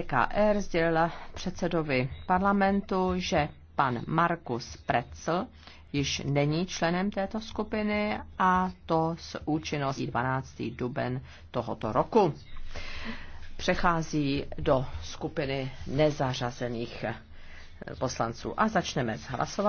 EKR sdělila předsedovi parlamentu, že pan Markus Precl již není členem této skupiny a to s účinností 12. duben tohoto roku. Přechází do skupiny nezařazených poslanců a začneme s hlasováním.